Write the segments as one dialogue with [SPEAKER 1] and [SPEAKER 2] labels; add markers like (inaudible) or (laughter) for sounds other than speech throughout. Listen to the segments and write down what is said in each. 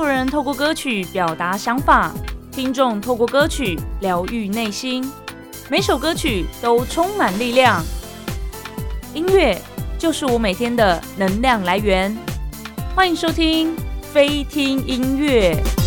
[SPEAKER 1] 作人透過歌曲表達想法，聽眾透過歌曲療癒內心。每首歌曲都充滿力量，音樂就是我每天的能量來源。歡迎收聽菲聽音樂。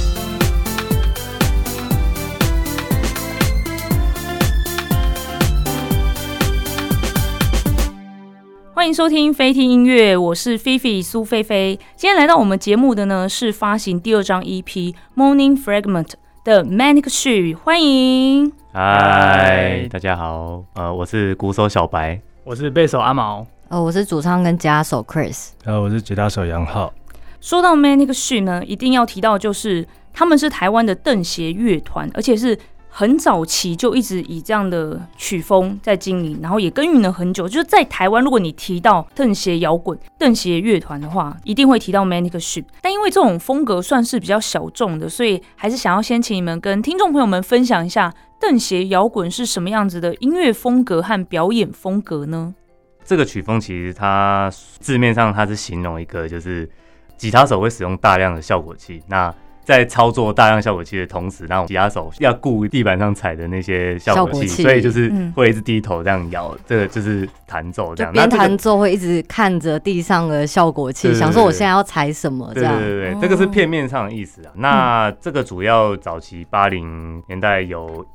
[SPEAKER 1] 歡迎收聽菲聽音樂，我是 Fifi，蘇菲菲。今天來到我們節目的呢，是發行第二張 EP《Morning Fragment》的 Manic Sheep。歡迎。
[SPEAKER 2] 嗨，大家好，呃，我是鼓手小白，
[SPEAKER 3] 我是貝手阿毛，呃、哦，我
[SPEAKER 1] 是主唱跟吉他手
[SPEAKER 3] Chris，
[SPEAKER 2] 呃，我是吉他手楊浩。
[SPEAKER 1] 說到 Manic Sheep 呢，一定要提到就是他們是台灣的瞪鞋樂團，而且是。很早期就一直以這樣的曲風在經營，然後也耕耘了很久。就是在台灣，如果你提到瞪鞋搖滾、瞪鞋樂團的話，一定會提到 Manic Sheep。但因為這種風格算是比較小眾的，所以還是想要先請你們跟聽眾朋友們分享一下瞪鞋搖滾是什麼樣子的音樂風格和表演風格呢？
[SPEAKER 2] 這個曲風其實它字面上它是形容一個，就是吉他手會使用大量的效果器。那在操作大量效果器的同時，然後其他手要顧地板上踩的那些效果，效果器，所以就是會一直低頭這樣搖、嗯，這個就是彈奏這樣。就邊彈
[SPEAKER 3] 奏會一直看着地上的效果器、這個對對對對，想說我現在要踩什麼這樣。對對對，對、嗯，這個
[SPEAKER 2] 是片面上的意思啊。嗯、那這個主要早期八零年代有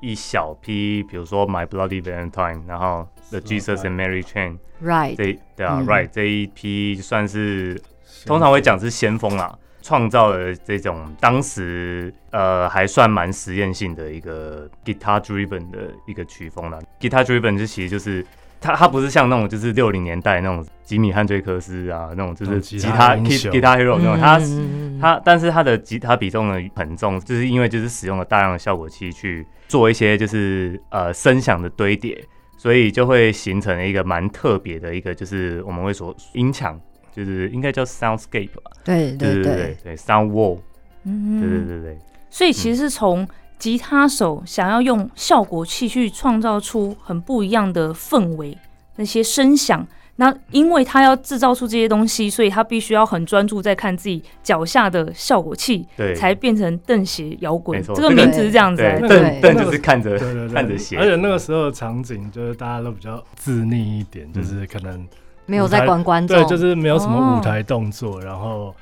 [SPEAKER 2] 一小批，比如說《My Bloody Valentine》，然後 The、啊《The Jesus、right. and Mary Chain》，Right，這對啊，Right，這一批、啊嗯 right、算是通常會講是先鋒啦、啊。創造了這種當時，呃，還算蠻實驗性的一個 guitar driven 的一個曲風了。guitar driven 就其實就是它，它不是像那種就是六零年代那種吉米漢追克斯啊，那種就是吉他，嗯，吉，他吉，吉他 hero 那種。它它，但是它的吉他比重呢，很重，就是因為就是使用了大量的效果器去做一些就是呃，聲響的堆疊，所以就會形成一個蠻特別的一個就是我們會說音牆。就是應該叫 soundscape，對對對對對 sound wall，嗯，對對對，
[SPEAKER 1] 對，對，對、嗯、對，對，對。所以其實是從吉他手想要用效果器去創造出很不一樣的氛圍，那些聲響。那因為他要制造出這些東西，所以他必須要很專注在看自己腳下的效果器，對，才變成瞪鞋搖滾。這個名字是這樣子，瞪瞪就是看着看着鞋，而
[SPEAKER 4] 且那個時候的場景就是大家都比較自溺一點對對對，就是可能。
[SPEAKER 1] 沒有在觀觀眾，對，就是沒有什麼舞台
[SPEAKER 4] 動作，哦、然後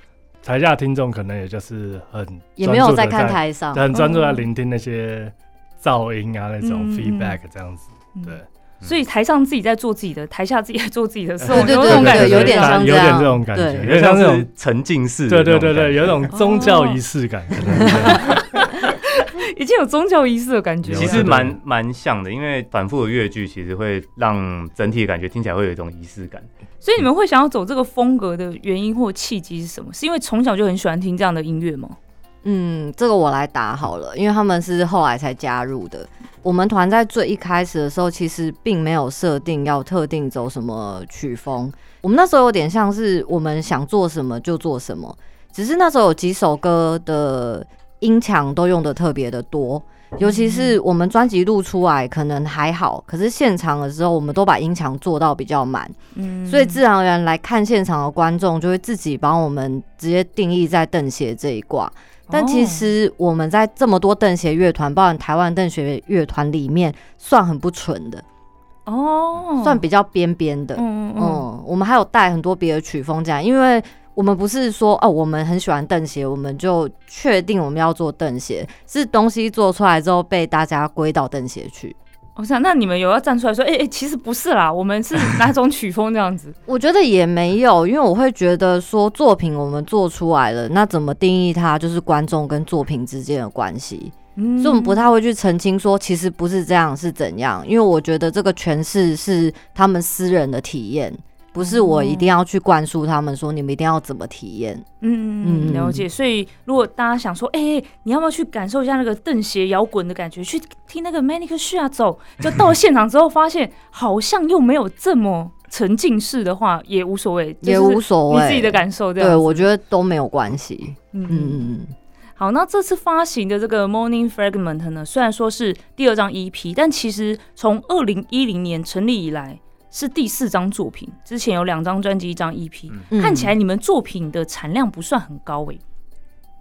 [SPEAKER 4] 台下聽眾可能也就是很專注也沒有在看台上，嗯、很專注在聆聽那些噪音啊、嗯、那種 feedback 這樣子，嗯、
[SPEAKER 5] 對、嗯。
[SPEAKER 1] 所以台上自己在做自己的，台下自己在做自己的時候，我覺得這種感覺，有點像 (laughs) 有點
[SPEAKER 4] 這種感覺，有點像那種沉浸式，對對對
[SPEAKER 2] 對，有一種宗教儀式感。哦 (laughs) (laughs)
[SPEAKER 1] 已經有宗教儀式的感覺，其實蠻
[SPEAKER 2] 蠻像的。因為反覆的樂句，其實會讓整體的感覺聽起來會有一種儀式感。
[SPEAKER 1] 所以你們會想要走這個風格的原因或契機是什麼？ (laughs) 是因為從小就很喜歡聽這樣的音樂嗎？嗯，
[SPEAKER 3] 這個我來答好了。因為他們是後來才加入的。我們團在最一開始的時候，其實並沒有設定要特定走什麼曲風。我們那時候有點像是我們想做什麼就做什麼，只是那時候有幾首歌的。音牆都用的特別的多，尤其是我們專輯錄出來可能還好、嗯，可是現場的時候，我們都把音牆做到比較滿、嗯，所以自然而然來看現場的觀眾就會自己幫我們直接定義在瞪鞋這一卦。但其實我們在這麼多瞪鞋樂團，包含台灣瞪鞋樂團裡面，算很不純的
[SPEAKER 6] 哦，算
[SPEAKER 3] 比較邊邊的。嗯嗯，嗯，嗯，我們還有帶很多別的曲風，這樣因為。我們不是說哦，我們很喜歡瞪鞋，我們就確定我們要做瞪鞋，是東西做出來之後被大家歸到瞪鞋去。
[SPEAKER 1] 我、哦、想、啊，那你們有要站出來說，哎、欸、哎、欸，其實不是啦，我們是哪種曲風這樣子？ (laughs)
[SPEAKER 3] 我覺得也沒有，因為我會覺得說作品我們做出來了，那怎麼定義它？就是觀眾跟作品之間的關係、嗯，所以我們不太會去澄清說其實不是這樣是怎樣，因為我覺得這個詮釋是他們私人的體驗。不是我一定要去灌輸他們說你們一定要怎麼體驗，uh
[SPEAKER 1] -oh. 嗯嗯嗯，了解。所以如果大家想說，哎、欸，你要不要去感受一下那個瞪鞋搖滾的感覺，去聽那個 Manic Sheep 啊，走，就到了現場之後發現 (laughs) 好像又沒有這麼沉浸式的話，也無所謂，也無所謂，你自己的感受對，我覺
[SPEAKER 3] 得都沒有關係。嗯嗯
[SPEAKER 1] 嗯， (music) 好，那這次發行的這個 Morning Fragment 呢，雖然說是第二張 EP，但其實從二零一零年成立以來。是第四張作品，之前有兩張專輯，一張 EP，看起來你們作品的產量不算很高誒、欸。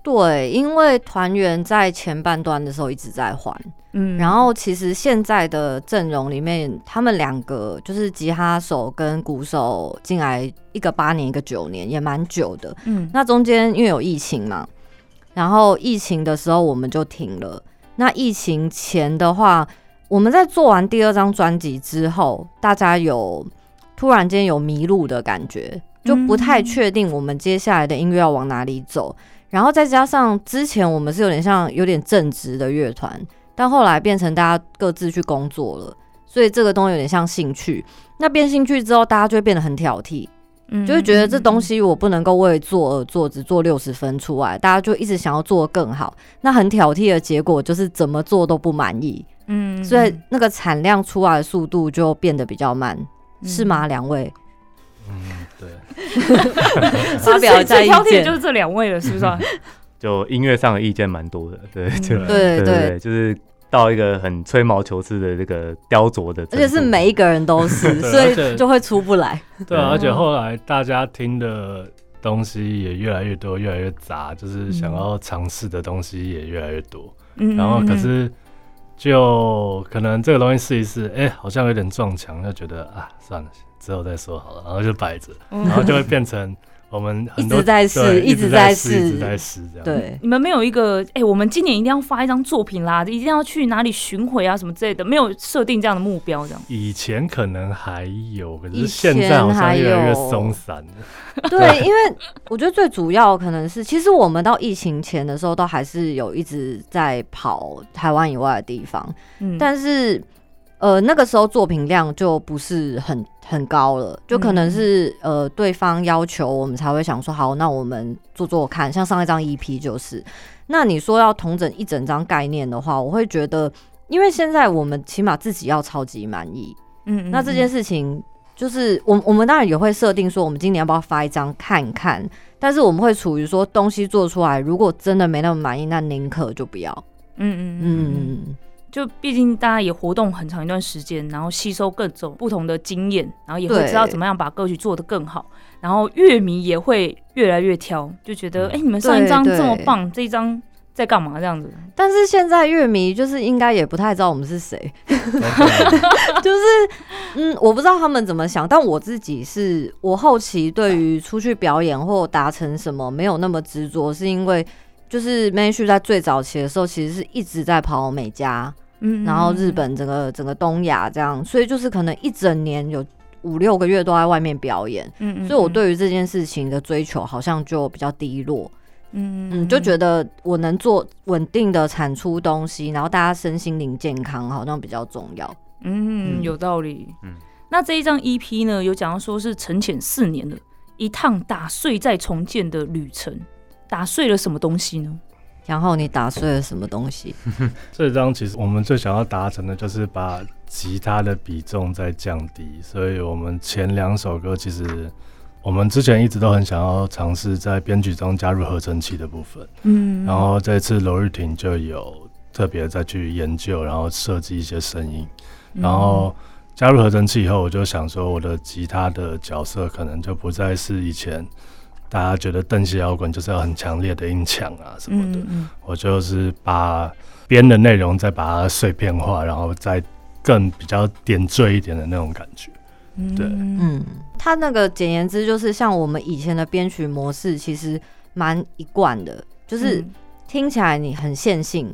[SPEAKER 3] 對，因為團員在前半段的時候一直在換，嗯，然後其實現在的陣容裡面，他們兩個就是吉他手跟鼓手進來一個八年，一個九年，也蠻久的，嗯。那中間因為有疫情嘛，然後疫情的時候我們就停了，那疫情前的話。我們在做完第二張專輯之後，大家有突然間有迷路的感覺，就不太確定我們接下來的音樂要往哪裡走。然後再加上之前我們是有點像有點正職的樂團，但後來變成大家各自去工作了，所以這個東西有點像興趣。那變興趣之後，大家就會變得很挑剔，嗯，
[SPEAKER 1] 就會覺得這
[SPEAKER 3] 東西我不能夠為做而做，只做六十分出來，大家就一直想要做更好。那很挑剔的結果就是怎麼做都不滿意。嗯，所以那個產量出來的速度就變得比較慢，嗯、是嗎？兩位？
[SPEAKER 1] 嗯，對。表最挑剔就是這兩位了，是不是, (laughs) 是,不
[SPEAKER 2] 是、嗯？就音樂上的意見蠻多的，對，嗯、對對對,對,對,對,對,對,對,對，就是到一個很吹毛求疵的這個雕琢的，
[SPEAKER 3] 而且是每一個人都是， (laughs) 所以就會出不來。對啊，而且後
[SPEAKER 4] 來大家聽的東西也越來越多，越來越雜，嗯、就是想要嘗試的東西也越來越多。嗯，然後可是。嗯嗯就可能這個東西試一試，哎、欸，好像有點撞牆，就覺得啊，算了，之後再說好了，然後就擺着，然後就會變成。我們一直在試，一直在試，一直在試這樣。對，
[SPEAKER 1] 你們沒有一個哎、欸，我們今年一定要發一張作品啦，一定要去哪裡巡迴啊，什麼之類的，沒有設定這樣的目標這樣。
[SPEAKER 4] 以前可能還有，可是現在好像越來越鬆散
[SPEAKER 3] 了。對，對，因為我覺得最主要可能是，其實我們到疫情前的時候，都還是有一直在跑台灣以外的地方，嗯，但是。呃，那個時候作品量就不是很很高了，就可能是呃對方要求我們才會想說，好，那我們做做看。像上一張 EP 就是，那你說要統整一整張概念的話，我會覺得，因為現在我們起碼自己要超級滿意。嗯，嗯，嗯，那這件事情就是，我們我們當然也會設定說，我們今年要不要發一張看看？但是我們會處於說，東西做出來，如果真的沒那麼滿意，那寧可就不要。嗯嗯嗯，嗯。嗯
[SPEAKER 1] 就畢竟大家也活動很長一段時間，然後吸收各種不同的經驗，然後也會知道怎麼樣把歌曲做得更好。然後樂迷也會越來越挑，就覺得哎、嗯欸，你們上一張這麼棒，對對對這一張在幹嘛這樣子？
[SPEAKER 3] 但是現在樂迷就是應該也不太知道我們是誰 (laughs) ，Okay. (laughs) 就是嗯，我不知道他們怎麼想。但我自己是我後期對於出去表演或達成什麼沒有那麼執着、嗯，是因為就是 Manic Sheep 在最早期的時候其實是一直在跑美加。
[SPEAKER 1] 嗯嗯嗯，然後日本
[SPEAKER 3] 整個整個東亞這樣，所以就是可能一整年有五六個月都在外面表演，嗯，嗯，嗯所以我對於這件事情的追求好像就比較低落，嗯嗯，嗯，嗯，嗯，就覺得我能做穩定的產出東西，然後大家身心靈健康好像比較重要。嗯
[SPEAKER 1] 嗯，嗯，有道理，嗯，那這一張 EP 呢，有講到說是沉潛四年的一趟打碎再重建的旅程，打碎了什麼東西呢？然後你打碎了
[SPEAKER 4] 什麼東西？這張其實我們最想要達成的就是把吉他的比重再降低，所以我們前兩首歌其實我們之前一直都很想要嘗試在編曲中加入合成器的部分。嗯，然後這次羅玉婷就有特別再去研究，然後設計一些聲音，
[SPEAKER 5] 然後
[SPEAKER 4] 加入合成器以後，我就想說我的吉他的角色可能就不再是以前。大家覺得瞪鞋搖滾就是要很強烈的音牆啊什麼的，嗯嗯，我就是把編的內容再把它碎片化，然後再更比較點綴一點的那種感覺。嗯、
[SPEAKER 3] 對，嗯，它那個簡言之，就是像我們以前的編曲模式，其實蠻一貫的，就是聽起來你很線性，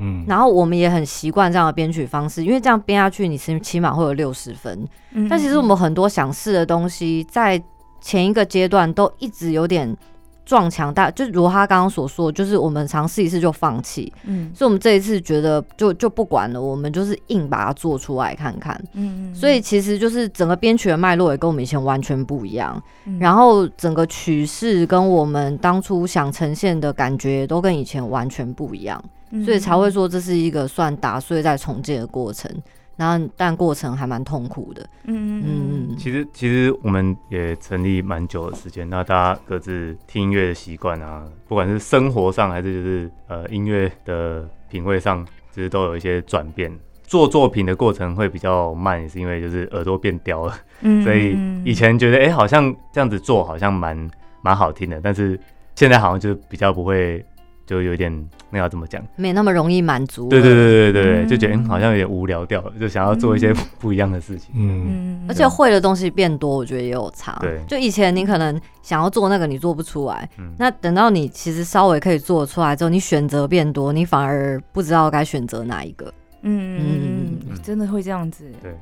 [SPEAKER 3] 嗯，然後我們也很習慣這樣的編曲方式，因為這樣編下去你是起碼會有六十分。嗯嗯嗯，但其實我們很多想試的東西在。前一個階段都一直有點撞牆，但就如他剛剛所說，就是我們嘗試一次就放棄。
[SPEAKER 5] 嗯，
[SPEAKER 3] 所以我們這一次覺得就就不管了，我們就是硬把它做出來看看。嗯，嗯，嗯，所以其實就是整個編曲的脈絡也跟我們以前完全不一樣，嗯，然後整個曲式跟我們當初想呈現的感覺都跟以前完全不一樣，所以才會說這是一個算打碎再重建的過程。然後，但過程還蠻痛苦的。嗯、
[SPEAKER 2] 嗯、其實，其實我們也成立蠻久的時間。那大家各自聽音樂的習慣啊，不管是生活上還是就是呃音樂的品味上，其實都有一些轉變。做作品的過程會比較慢，也是因為就是耳朵變刁了，嗯。所以以前覺得哎，欸，好像這樣子做好像蠻蠻好聽的，但是現在好像就比較不會。就有點那要怎麼講，
[SPEAKER 3] 沒那麼容易滿足。對對對對對，對，對、嗯、就覺得好
[SPEAKER 2] 像有點無聊掉了，就想要做一些不，、嗯、不一樣的事情。
[SPEAKER 3] 嗯，而且會的東西變多，我覺得也有差。對，就以前你可能想要做那個，你做不出來。嗯，那等到你其實稍微可以做出來之後，你選擇變多，你反而不知道該選擇哪一個。
[SPEAKER 1] 嗯，嗯真的會這樣子。
[SPEAKER 3] 對，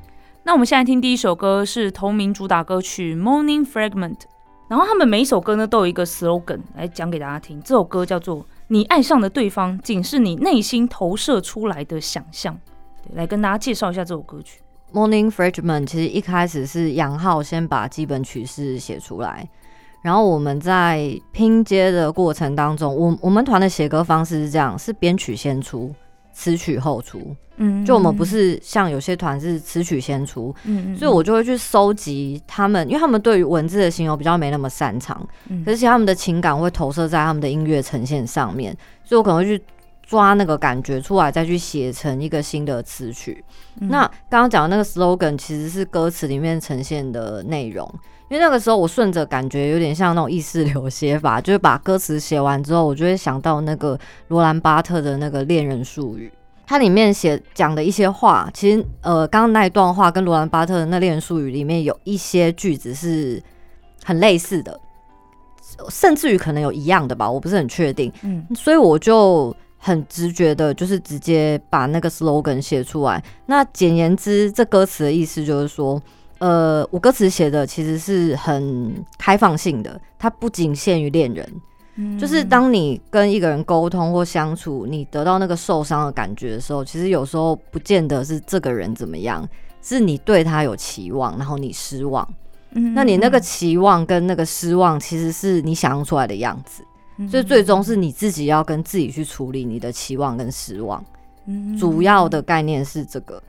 [SPEAKER 1] 那我們現在聽第一首歌是同名主打歌曲《Morning Fragment》，然後他們每一首歌呢都有一個 slogan 來講給大家聽。這首歌叫做。你愛上的對方，僅是你內心投射出來的想象。對，來跟大家介紹一下這首歌曲
[SPEAKER 3] 《Morning Fragment》。其實一開始是楊浩先把基本曲式寫出來，然後我們在拼接的過程當中，我我們團的寫歌方式是這樣：是編曲先出。詞曲後出，就我們不是像有些團是詞曲先出，嗯，所以我就會去收集他們，因為他們對於文字的形容比較沒那麼擅長，嗯，而且他們的情感會投射在他們的音樂呈現上面，所以我可能會去抓那個感覺出來，再去寫成一個新的詞曲。嗯，那剛剛講的那個 slogan 其實是歌詞裡面呈現的內容。因為那個時候，我順着感覺有點像那種意識流寫法，就是把歌詞寫完之後，我就會想到那個羅蘭巴特的那個戀人絮語，它裡面寫講的一些話，其實呃，剛剛那一段話跟羅蘭巴特的那戀人絮語裡面有一些句子是很類似的，甚至於可能有一樣的吧，我不是很確定。嗯，所以我就很直覺的，就是直接把那個 slogan 寫出來。那簡言之，這歌詞的意思就是說。呃，我歌詞寫的其實是很開放性的，它不僅限於戀人。Mm-hmm. 就是當你跟一個人溝通或相處，你得到那個受傷的感覺的時候，其實有時候不見得是這個人怎麼樣，是你對他有期望，然後你失望。嗯、
[SPEAKER 5] Mm-hmm.，那你那個
[SPEAKER 3] 期望跟那個失望，其實是你想象出來的樣子，所以最終是你自己要跟自己去處理你的期望跟失望。
[SPEAKER 5] Mm-hmm. 主要
[SPEAKER 3] 的概念是這個。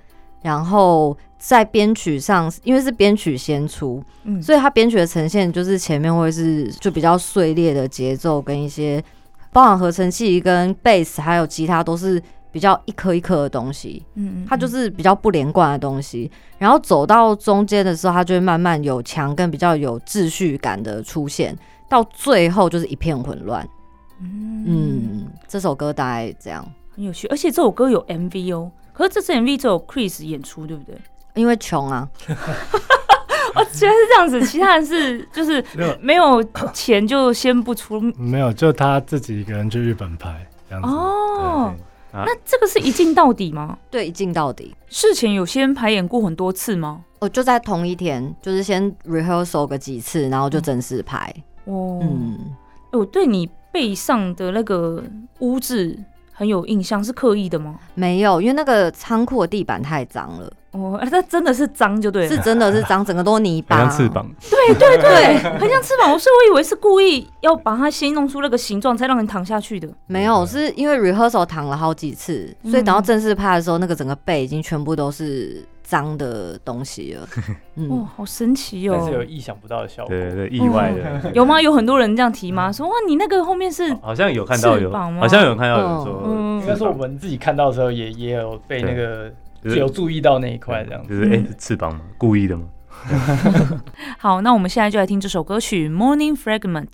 [SPEAKER 3] 然後在編曲上，因為是編曲先出，嗯、所以他編曲的呈現就是前面會是就比較碎裂的節奏，跟一些包含合成器、跟貝斯還有吉他都是比較一顆一顆的東西。嗯，嗯，嗯，它就是比較不連貫的東西。然後走到中間的時候，它就會慢慢有強，跟比較有秩序感的出現。到最後就是一片混亂，嗯。嗯，這首歌大概這
[SPEAKER 1] 樣，很有趣。而且這首歌有 MV 哦。可是這次 MV 只有 Chris 演出，對不對？
[SPEAKER 3] 因為窮啊！
[SPEAKER 1] (laughs) (laughs) 我覺得是這樣子，其他人是就是沒有錢就先不出 (coughs) 。
[SPEAKER 4] 沒有，就他自己一個人去日本拍
[SPEAKER 1] 這樣子。哦，啊、那這個是一鏡到底嗎？ (laughs) 對，一鏡到底。事前有先排演過很多次嗎？
[SPEAKER 3] 哦，就在同一天，就是先 rehearsal 個幾次，然後就正式拍。
[SPEAKER 1] 哦，嗯欸、我對你背上的那個污漬。很有印象，是刻意的嗎？
[SPEAKER 3] 沒有，因為那個倉庫
[SPEAKER 1] 的地板太髒了。哦，那、啊、真的是髒就對了，是真的是髒，整個都泥巴，很像翅膀。對對對，很像翅膀。所 (laughs) 以我，我以為是故意要把它先弄出那個形狀，才讓人躺下去的。
[SPEAKER 3] 沒有，是因為 rehearsal 躺了好幾次，所以等到正式拍的時候，那個整個背已經全部都是。髒的東西了
[SPEAKER 1] (laughs) 嗯，哦，好神奇哦。但是有意想不到的效果，對對，對，意外的、嗯、有嗎？有很多人這樣提嗎？嗯、說哇，你那個後面是翅膀嗎？好像有看到有，好像有看到有說，應該是我
[SPEAKER 7] 們自己看到的時候也也有被那個、就是、有注意到那一塊這樣子，就是欸、是
[SPEAKER 2] 翅膀嘛，故意的嗎？
[SPEAKER 1] (laughs) (laughs) 好，那我們現在就來聽這首歌曲《Morning Fragment》。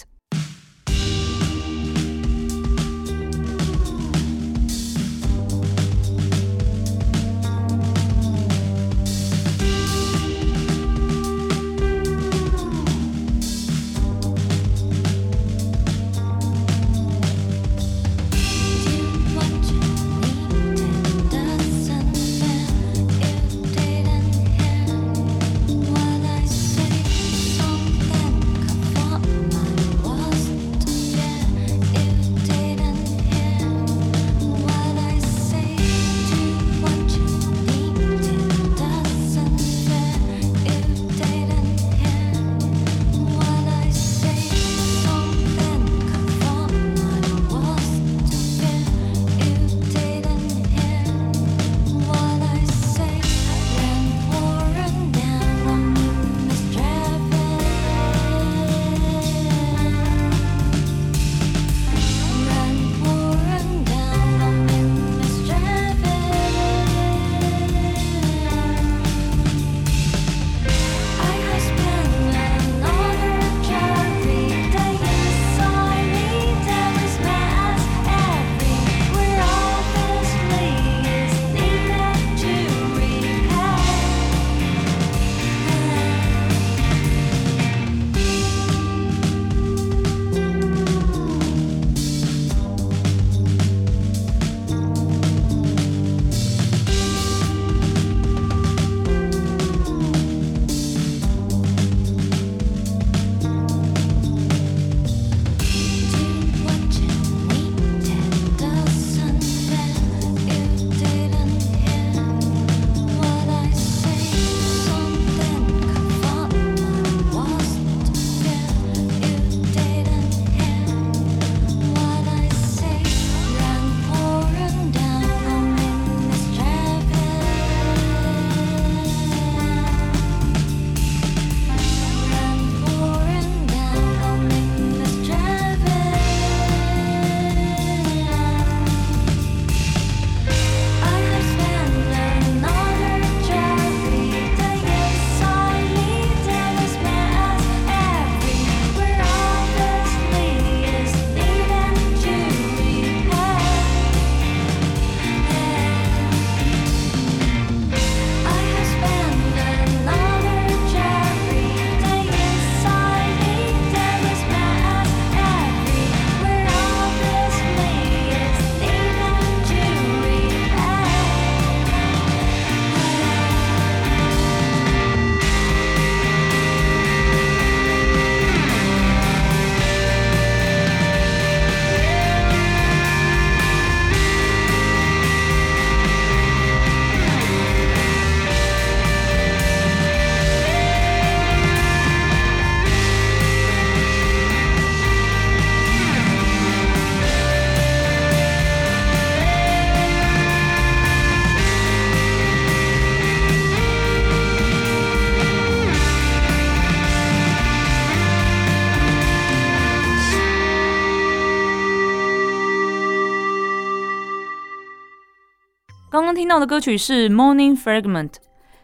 [SPEAKER 1] 剛剛聽到的歌曲是《Morning Fragment》。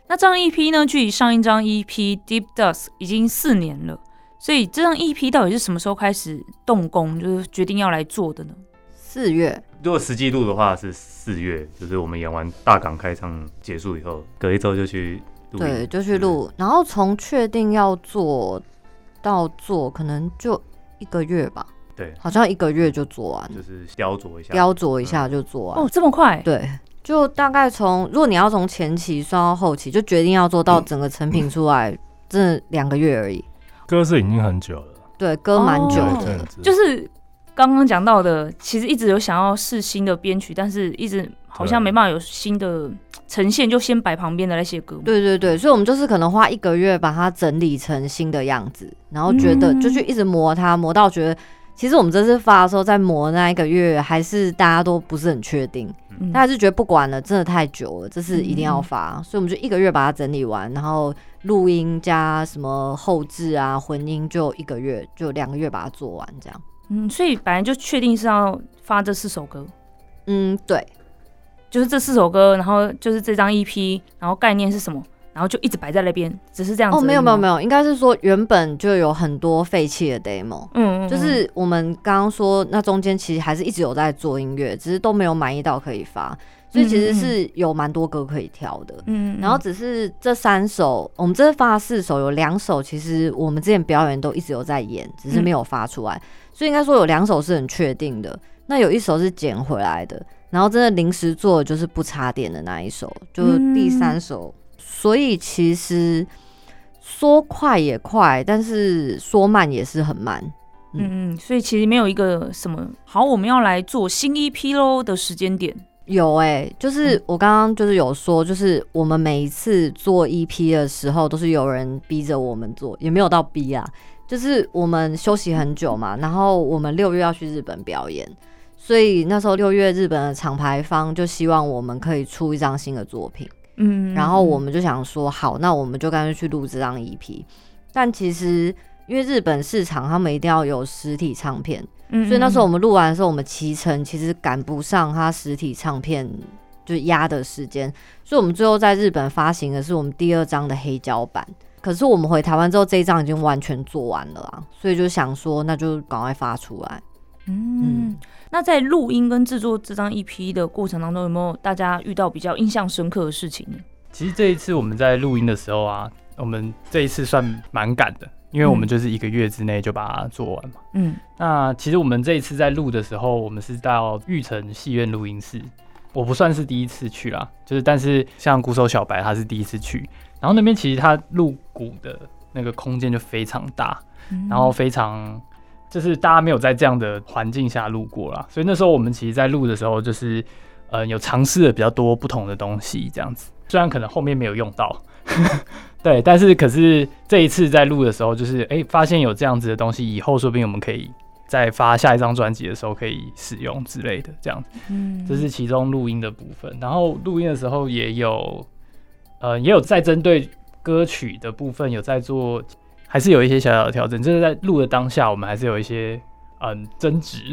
[SPEAKER 1] 那這張 EP 呢，距離上一張 EP《Deep Dust》已經四年了。所以這張 EP 到底是什麼時候開始動工，就是決定要來做的呢？四月。
[SPEAKER 2] 如果實際錄的話是四月，就是我們演完大港開唱結束以後，隔一周就去錄。對，
[SPEAKER 3] 就去錄。然後從確定要做到做，可能就一個月吧。對，好像一個月就做完，就是雕琢一下，雕琢一下就做完。嗯、哦，這麼快？對。就大概從，如果你要從前期算到後期，就決定要做到整個成品出來，嗯，這兩個月而已。歌是已經很久了，對，歌蠻久的，oh,
[SPEAKER 1] 就是剛剛講到的，其實一直有想要試新的編曲，但是一直好像沒辦法有新的呈現，就先擺旁邊的那些歌。對對對，所
[SPEAKER 3] 以我們就是可能花一個月把它整理成新的樣子，然後覺得就去一直磨它，磨到覺得。其實我們這次發的時候，在磨那一個月，還是大家都不是很確定，嗯，但還是覺得不管了，真的太久了，這次一定要發，嗯、所以我們就一個月把它整理完，然後錄音加什麼後製啊、混音，婚姻就一個月就兩個月把它做完，這樣。
[SPEAKER 1] 嗯，所以反正就確定是要發這四首歌。嗯，對，就是這四首歌，然後就是這張 EP，然後概念是什麼？然後就一直擺在那邊，只是這樣子哦。沒有沒有沒
[SPEAKER 3] 有，應該是說原本就有很多廢棄的 demo，嗯，嗯，嗯，就是我們剛剛說那中間其實還是一直有在做音樂，只是都沒有滿意到可以發，所以其實是有蠻多歌可以挑的，嗯，嗯。然後只是這三首，我們這次發了四首，有兩首其實我們之前表演都一直有在演，只是沒有發出來，嗯、所以應該說有兩首是很確定的，那有一首是撿回來的，然後真的臨時做的就是不插電的那一首，就是第三首。嗯所以其實說快也快，但是說慢也是很慢。嗯
[SPEAKER 1] 嗯，所以其實沒有一個什麼好，我們要來做新 EP 嘍的時間點。
[SPEAKER 3] 有哎、欸，就是我剛剛就是有說，就是我們每一次做 EP 的時候，都是有人逼着我們做，也沒有到逼啊。就是我們休息很久嘛，然後我們六月要去日本表演，所以那時候六月日本的廠牌方就希望我們可以出一張新的作品。嗯，嗯，然後我們就想說，好，那我們就乾脆去錄這張 EP。但其實因為日本市場他們一定要有實體唱片，嗯嗯，所以那時候我們錄完的時候，我們期程其實趕不上它實體唱片就壓的時間，所以我們最後在日本發行的是我們第二張的黑膠版。可是我們回台灣之後，這一張已經完全做完了啦，所以就想說，那就趕快發出來。嗯，嗯。
[SPEAKER 1] 那在錄音跟製作這張 EP 的過程當中，有沒有大家遇到比較印象深刻的事情呢？
[SPEAKER 7] 其實這一次我們在錄音的時候啊，我們這一次算蠻趕的，因為我們就是一個月之內就把它做完嘛。嗯，那其實我們這一次在錄的時候，我們是到玉成戲院錄音室，我不算是第一次去啦，就是但是像鼓手小白他是第一次去，然後那邊其實他錄鼓的那個空間就非常大，嗯、然後非常。就是大家沒有在這樣的環境下錄過啦，所以那時候我們其實，在錄的時候就是，呃，有嘗試了比較多不同的東西，這樣子。雖然可能後面沒有用到， (laughs) 對，但是可是這一次在錄的時候，就是誒、欸、發現有這樣子的東西，以後說不定我們可以在發下一張專輯的時候可以使用之類的，這樣子。這、嗯就是其中錄音的部分。然後錄音的時候也有，呃，也有在針對歌曲的部分有在做。還是有一些小小的調整，就是在錄的當下，我們還是
[SPEAKER 4] 有一些嗯爭執。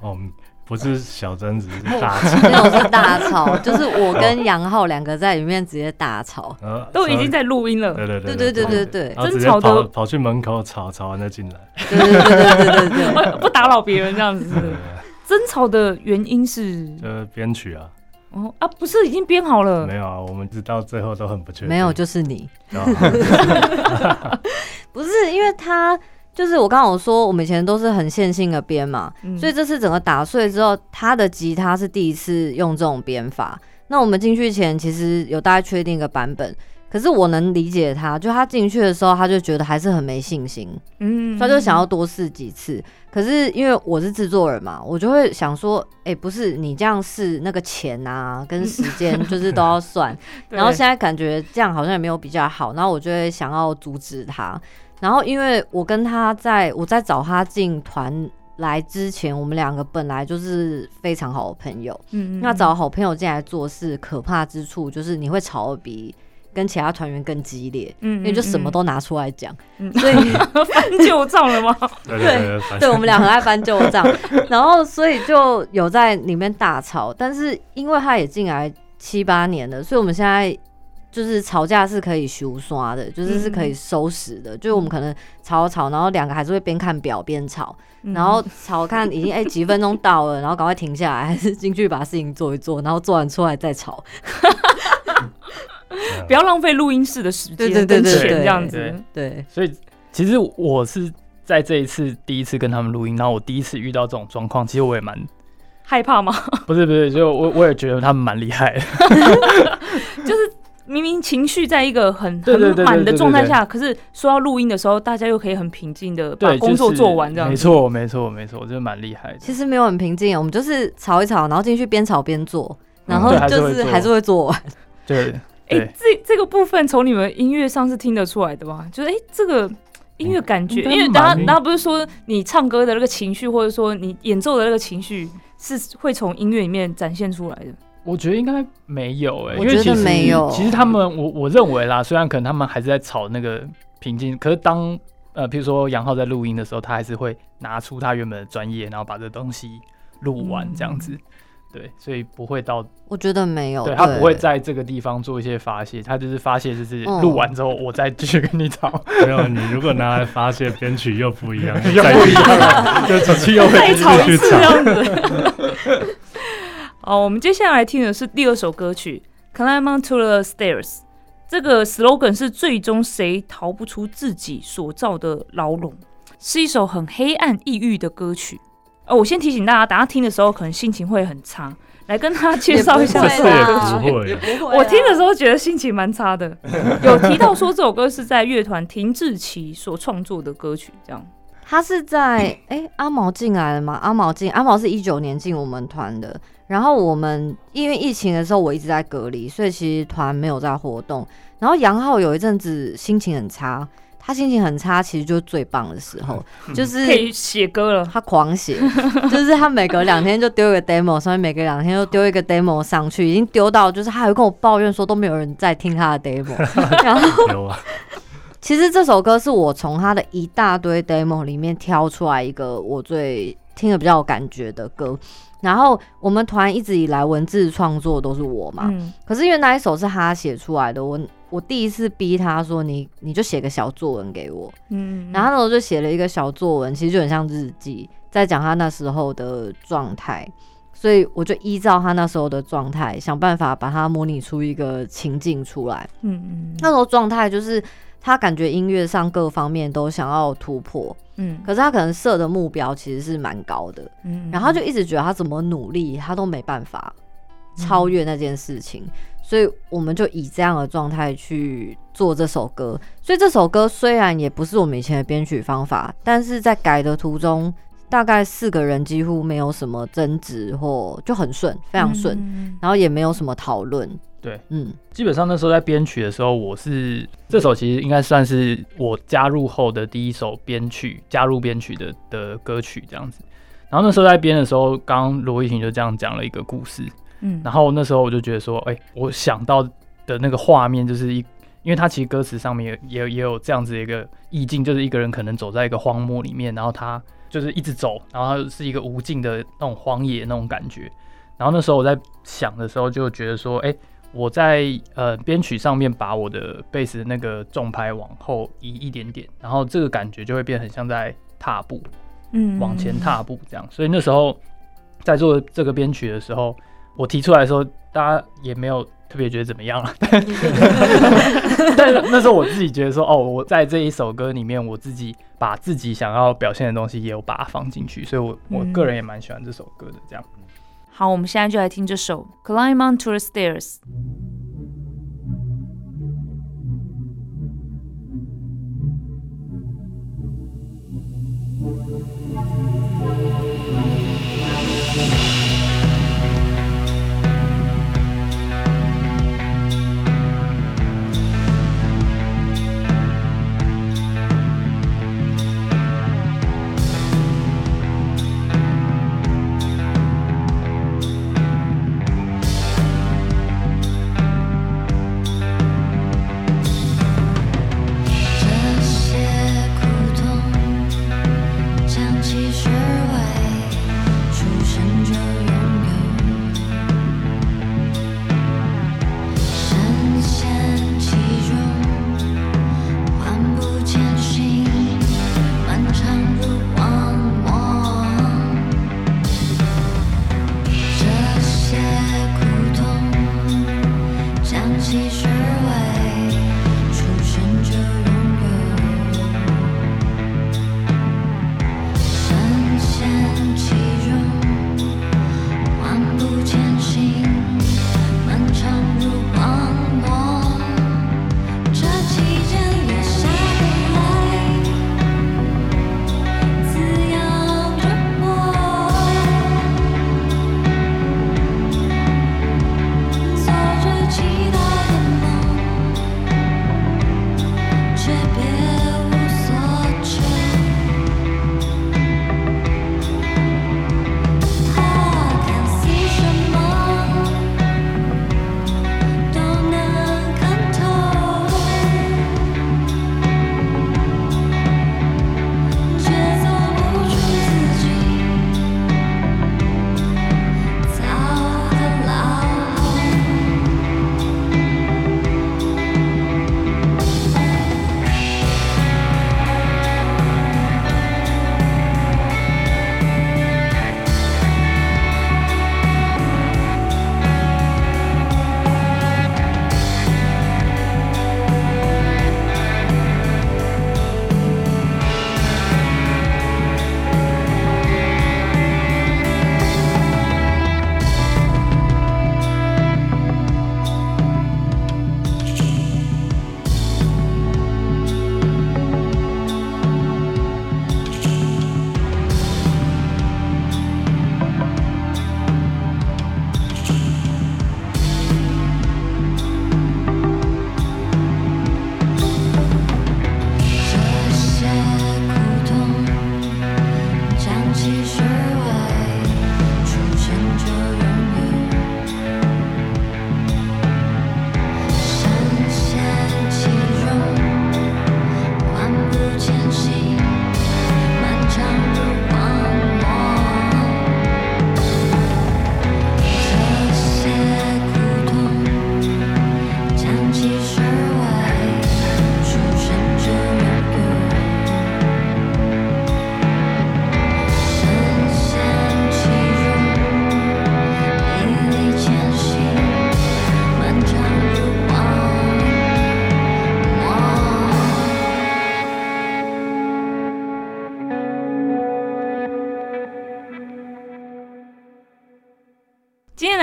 [SPEAKER 4] 哦，不是小爭執、呃，是大吵 (laughs) 大吵，
[SPEAKER 3] 就是我跟楊浩兩個在裡面直接大吵、哦，都已經在
[SPEAKER 4] 錄音
[SPEAKER 1] 了、啊。對對對對對對對，對對對對對爭吵都跑，
[SPEAKER 4] 跑去門口吵，吵完再進來。對
[SPEAKER 1] 對對對對對，不打擾別人這樣子。爭吵的原因是呃編 (laughs) 曲啊。哦啊，不是已經編好了？
[SPEAKER 4] 沒有啊，我們直到最後都很不確定。沒有，就是你。 (laughs) (laughs)
[SPEAKER 1] 不是，因為他就是我剛剛我說，我
[SPEAKER 3] 們以前都是很線性的編嘛，嗯，所以這次整個打碎之後，他的吉他是第一次用這種編法。那我們進去前其實有大概確定一個版本。可是我能理解他，就他進去的時候，他就覺得還是很沒信心，嗯,
[SPEAKER 5] 嗯,嗯，他就想
[SPEAKER 3] 要多試幾次。可是因為我是制作人嘛，我就會想說，哎、欸，不是你這樣試那個錢啊，跟時間就是都要算。 (laughs) 然後現在感覺這樣好像也沒有比較好，然後我就會想要阻止他。然後因為我跟他在我在找他進團來之前，我們兩個本來就是非常好的朋友。嗯,嗯,嗯，那找好朋友進來做事可怕之處就是你會吵得比。跟其他團員更激烈，嗯，嗯，嗯，因為就什麼都拿出來講，
[SPEAKER 1] 嗯嗯，所以 (laughs) 翻舊賬了嗎？ (laughs) 對對，
[SPEAKER 3] 對， (laughs) 我們倆很愛翻舊賬， (laughs) 然後所以就有在裡面大吵， (laughs) 但是因為他也進來七八年了，所以我們現在就是吵架是可以修刷的，就是是可以收拾的，嗯、就我們可能吵吵，然後兩個還是會邊看表邊吵，嗯，然後吵看已經哎、欸、幾分鐘到了， (laughs) 然後趕快停下來，還是進去把事情做一做，然後做完出來再吵。 (laughs) 嗯、不要浪費錄音室的時
[SPEAKER 1] 間對對,對,對對。這樣子。
[SPEAKER 7] 對，所以其實我是在這一次第一次跟他們錄音，然後我第一次遇到這種狀況，其實我也蠻害怕嗎？不是不是，就我我也覺得他們蠻厲害的，
[SPEAKER 1] (laughs) (laughs) 就是明明情緒在一個很很滿的狀態下，可是說要錄音的時候，大家又可以很平靜的把工作做完，這樣子、就是、
[SPEAKER 7] 沒錯沒錯沒錯，我覺得蠻厲害的。其
[SPEAKER 1] 實沒有很平靜，我們就是
[SPEAKER 3] 吵一吵，然後進去邊吵邊做，然後就是,、嗯就是、還是還是會做完。對。哎、欸，
[SPEAKER 1] 這這個部分從你們音樂上是聽得出來的吧？就是哎、欸，這個音樂感覺，嗯、因為大家大家不是說你唱歌的那個情緒，或者說你演奏的那個情緒是會從音樂裡面展現出來的。
[SPEAKER 7] 我覺得應該沒有哎、欸，我覺得沒有。其實他們，我我認為啦，雖然可能他們還是在吵那個平靜，可是當呃，比如說楊浩在錄音的時候，他還是會拿出他原本的專業，然後把這個東西錄完這樣子。嗯對，所以不會到，我覺得沒有，對，對他不會在這個地方做一些發洩，他就是發洩，就是錄完
[SPEAKER 4] 之後我再繼續跟你吵、嗯。 (laughs) 沒有，你如果拿來發洩，編曲又不一樣，又 (laughs) 不一樣， (laughs) 就直接又會繼續吵，吵一次這樣子
[SPEAKER 1] (laughs) 好。我們接下來，來聽的是第二首歌曲《Climb Up To The Stairs》，這個 slogan 是最終誰逃不出自己所造的牢籠，是一首很黑暗抑鬱的歌曲。哦、我先提醒大家，等下聽的時候可能心情會很差。來跟他介紹一下，我聽的時候覺得心情蠻差的。 (laughs) 的差的 (laughs) 有提到說這首歌是在樂團停滯期所創作的歌曲。這樣，他是在……
[SPEAKER 3] 哎、嗯欸，阿毛進來了嗎？阿毛進，阿毛是一九年進我們團的。然後我們因為疫情的時候，我一直在隔離，所以其實團沒有在活動。然後楊浩有一陣子心情很差。他心情很差，其實就是最棒的時候，哦嗯、就是他寫可以寫歌了。他狂寫，就是他每隔兩天就丟一個 demo， (laughs) 所以每隔兩天就丟一個 demo 上去，已經丟到就是他還會跟我抱怨說都沒有人在聽他的 demo。 (laughs) 然後、啊，其實這首歌是我從他的一大堆 demo 裡面挑出來一個我最聽的比較有感覺的歌。然後我們團一直以來文字創作都是我嘛、嗯，可是因為那一首是他寫出來的，我。我第一次逼他說你：“你你就寫個小作文給我。嗯”嗯，嗯，然後他那時候就寫了一個小作文，其實就很像日記，在講他那時候的狀態。所以我就依照他那時候的狀態，想辦法把他模擬出一個情境出來。嗯嗯，嗯，那時候狀態就是他感覺音樂上各方面都想要突破。
[SPEAKER 6] 嗯，可
[SPEAKER 3] 是他可能設的目標其實是蠻高的。嗯，嗯，嗯，嗯，嗯，嗯，然後他就一直覺得他怎麼努力，他都沒辦法超越那件事情。嗯嗯嗯嗯所以我們就以這樣的狀態去做這首歌。所以這首歌雖然也不是我們以前的編曲方法，但是在改的途中，大概四個人幾乎沒有什麼爭執或就很順，非常順，嗯，然後也沒有什麼討論。
[SPEAKER 7] 對，嗯，基本上那時候在編曲的時候，我是這首其實應該算是我加入後的第一首編曲，加入編曲的的歌曲這樣子。然後那時候在編的時候，剛羅一婷就這樣講了一個故事。嗯，然後那時候我就覺得說，哎、欸，我想到的那個畫面就是一，因為它其實歌詞上面也也有也有這樣子一個意境，就是一個人可能走在一個荒漠裡面，然後他就是一直走，然後是一個無盡的那種荒野那種感覺。然後那時候我在想的時候，就覺得說，哎、欸，我在呃編曲上面把我的貝斯的那個重拍往後移一點點，然後這個感覺就會變得很像在踏步，嗯，往前踏步這樣。所以那時候在做這個編曲的時候。我提出來說，大家也沒有特別覺得怎麼樣啊 (laughs) (laughs) (laughs) (laughs)
[SPEAKER 5] (laughs) (laughs) 但是那
[SPEAKER 7] 時候我自己覺得說，哦，我在這一首歌裡面，我自己把自己想要表現的東西也有把它放進去，所以我，我、嗯、我個人也蠻喜歡這首歌的。這樣，
[SPEAKER 1] 好，我們現在就來聽這首《Climb Up To The Stairs》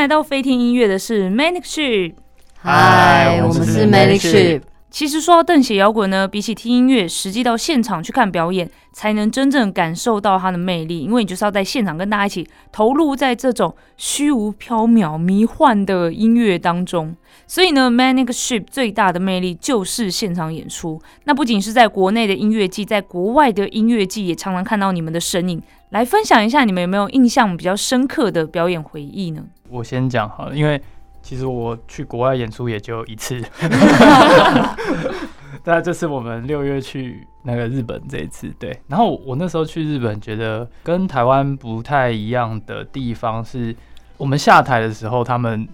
[SPEAKER 1] 到菲聽音樂的是 Manic Sheep，嗨，Hi, 我們是 Manic Sheep。其實說到瞪鞋搖滾呢，比起聽音樂，實際到現場去看表演，才能真正感受到它的魅力。因為你就是要在現場跟大家一起投入在這種虛無縹緲、迷幻的音樂當中。所以呢，Manic Sheep 最大的魅力就是現場演出。那不僅是在國內的音樂祭，在國外的音樂祭也常常看到你們的身影。來分享一下，你們有沒有印象比較深刻的表演回憶呢？
[SPEAKER 7] 我先講好了，因為其實我去國外演出也就一次，哈哈哈哈哈。這次我們六月去那個日本，這一次對。然後我那時候去日本，覺得跟台灣不太一樣的地方是，我們下台的時候，他們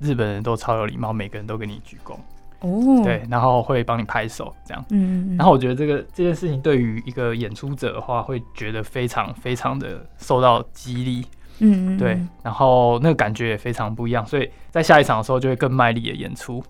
[SPEAKER 7] 日本人都超有禮貌，每個人都給你鞠躬，
[SPEAKER 5] 哦、oh.，對，
[SPEAKER 7] 然後會幫你拍手這樣，嗯、mm -hmm.。然後我覺得這個這件事情對於一個演出者的話，會覺得非常非常的受到激勵。嗯，嗯，嗯、對，然後那個感覺也非常不一樣，所以在下一場的時候就會更賣力的演出，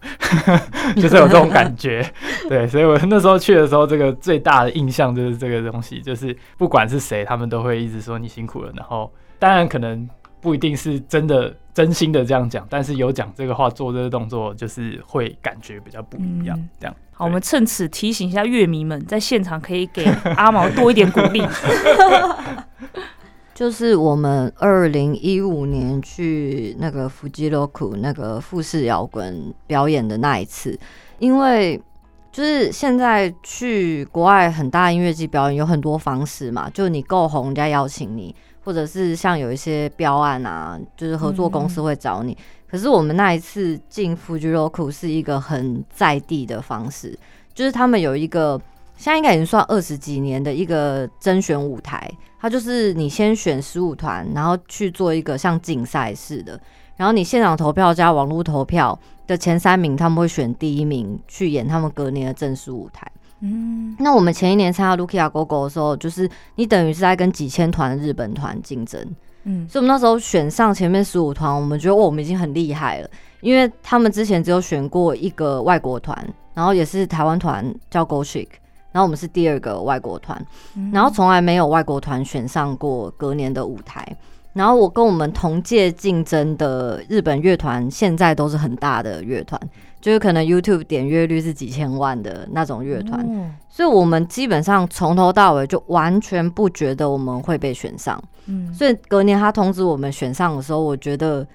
[SPEAKER 7] (laughs) 就是有這種感覺。對，所以我那時候去的時候，這個最大的印象就是這個東西，就是不管是誰，他們都會一直說你辛苦了。然後，當然可能不一定是真的真心的這樣講，但是有講這個話、做這個動作，就是會感覺比較不一樣。嗯、這樣，
[SPEAKER 1] 好，我們趁此提醒一下樂迷們，在現場可以給阿毛多一點鼓勵。 (laughs) (laughs)
[SPEAKER 3] 就是我們二零一五年，去那個 Fuji Rock 那個富士搖滾表演的那一次，因為就是現在去國外很大音樂節表演有很多方式嘛，就你夠紅人家邀請你，或者是像有一些標案啊，就是合作公司會找你。嗯嗯，可是我們那一次進 Fuji Rock 是一個很在地的方式，就是他們有一個。現在應該已經算二十幾年的一個甄選舞台，它就是你先選十五團，然後去做一個像競賽似的，然後你現場投票加網絡投票的前三名，他們會選第一名去演他們隔年的正式舞台。嗯，那我們前一年參加 Rookie A Go-Go 的時候，就是你等於是在跟幾千團的日本團競爭。嗯，所以我們那時候選上前面十五團，我們覺得哦，我們已經很厲害了，因為他們之前只有選過一個外國團，然後也是台灣團叫 Go Chic 然後我們是第二個外國團，嗯，然後從來沒有外國團選上過隔年的舞台。然後我跟我們同屆競爭的日本樂團，現在都是很大的樂團，就是可能 YouTube 點閱率是幾千萬的那種樂團。哦，所以我們基本上從頭到尾就完全不覺得我們會被選上，嗯。所以隔年他通知我們選上的時候，我覺得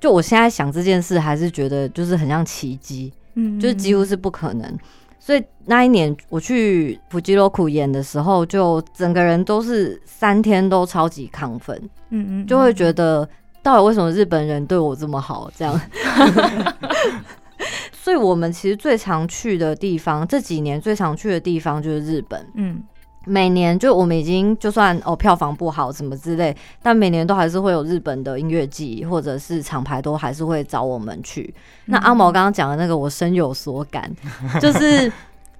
[SPEAKER 3] 就我現在想這件事，還是覺得就是很像奇蹟，嗯，就是幾乎是不可能。所以那一年我去 Fuji Rock 演的時候，就整個人都是三天都超級亢奮，嗯嗯，就會覺得到底為什麼日本人對我這麼好這樣、嗯。嗯嗯、 (laughs) (laughs) 所以我們其實最常去的地方，這幾年最常去的地方就是日本，嗯。每年就我們已經就算哦票房不好什麼之類，但每年都還是會有日本的音樂祭，或者是廠牌都還是會找我們去。嗯、那阿毛剛剛講的那個我深有所感， (laughs) 就是